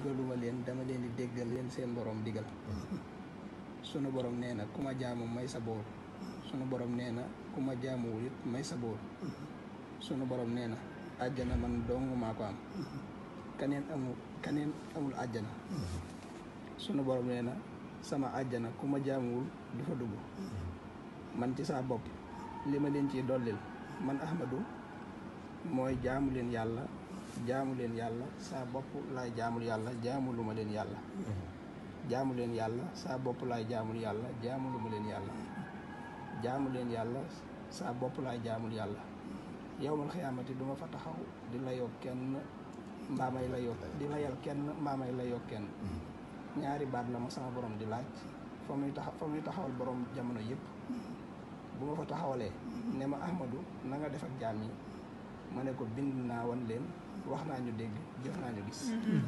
duma len dama len di deggal len sen borom digal sunu borom neena kuma jaamu may sa bor sunu borom neena kuma jaamu wulit may sa bor sunu borom neena aljana man dong ma ko am kanen amu kanen amul aljana sunu borom neena sama aljana kuma ma jaamuwul du fa dugg man ci sa bop lima len ci dolil man Ahmadu moy jaamu len yalla jaamu lenyala yàlla saa bopp laay jaamul yàlla lenyala ma leen yalla jaamu leen yàlla saa bopp laay jaamul yalla jaamulu ma leen yàlla jaamu leen yalla saa bopp laay jaamul yàlla yowmal xiyaamati du fa taxaw di layoo kenn mbaa la layoo di yal kenn mbaa la layoo kenn ñaari baat la ma sama borom di laaj taxaw borom jamono buma fa taxawale nema Ahmadu na nga def ak jami ma ne ko bind naa wan leen wax naa ñu dégg jëf naa ñu gis mm-hmm.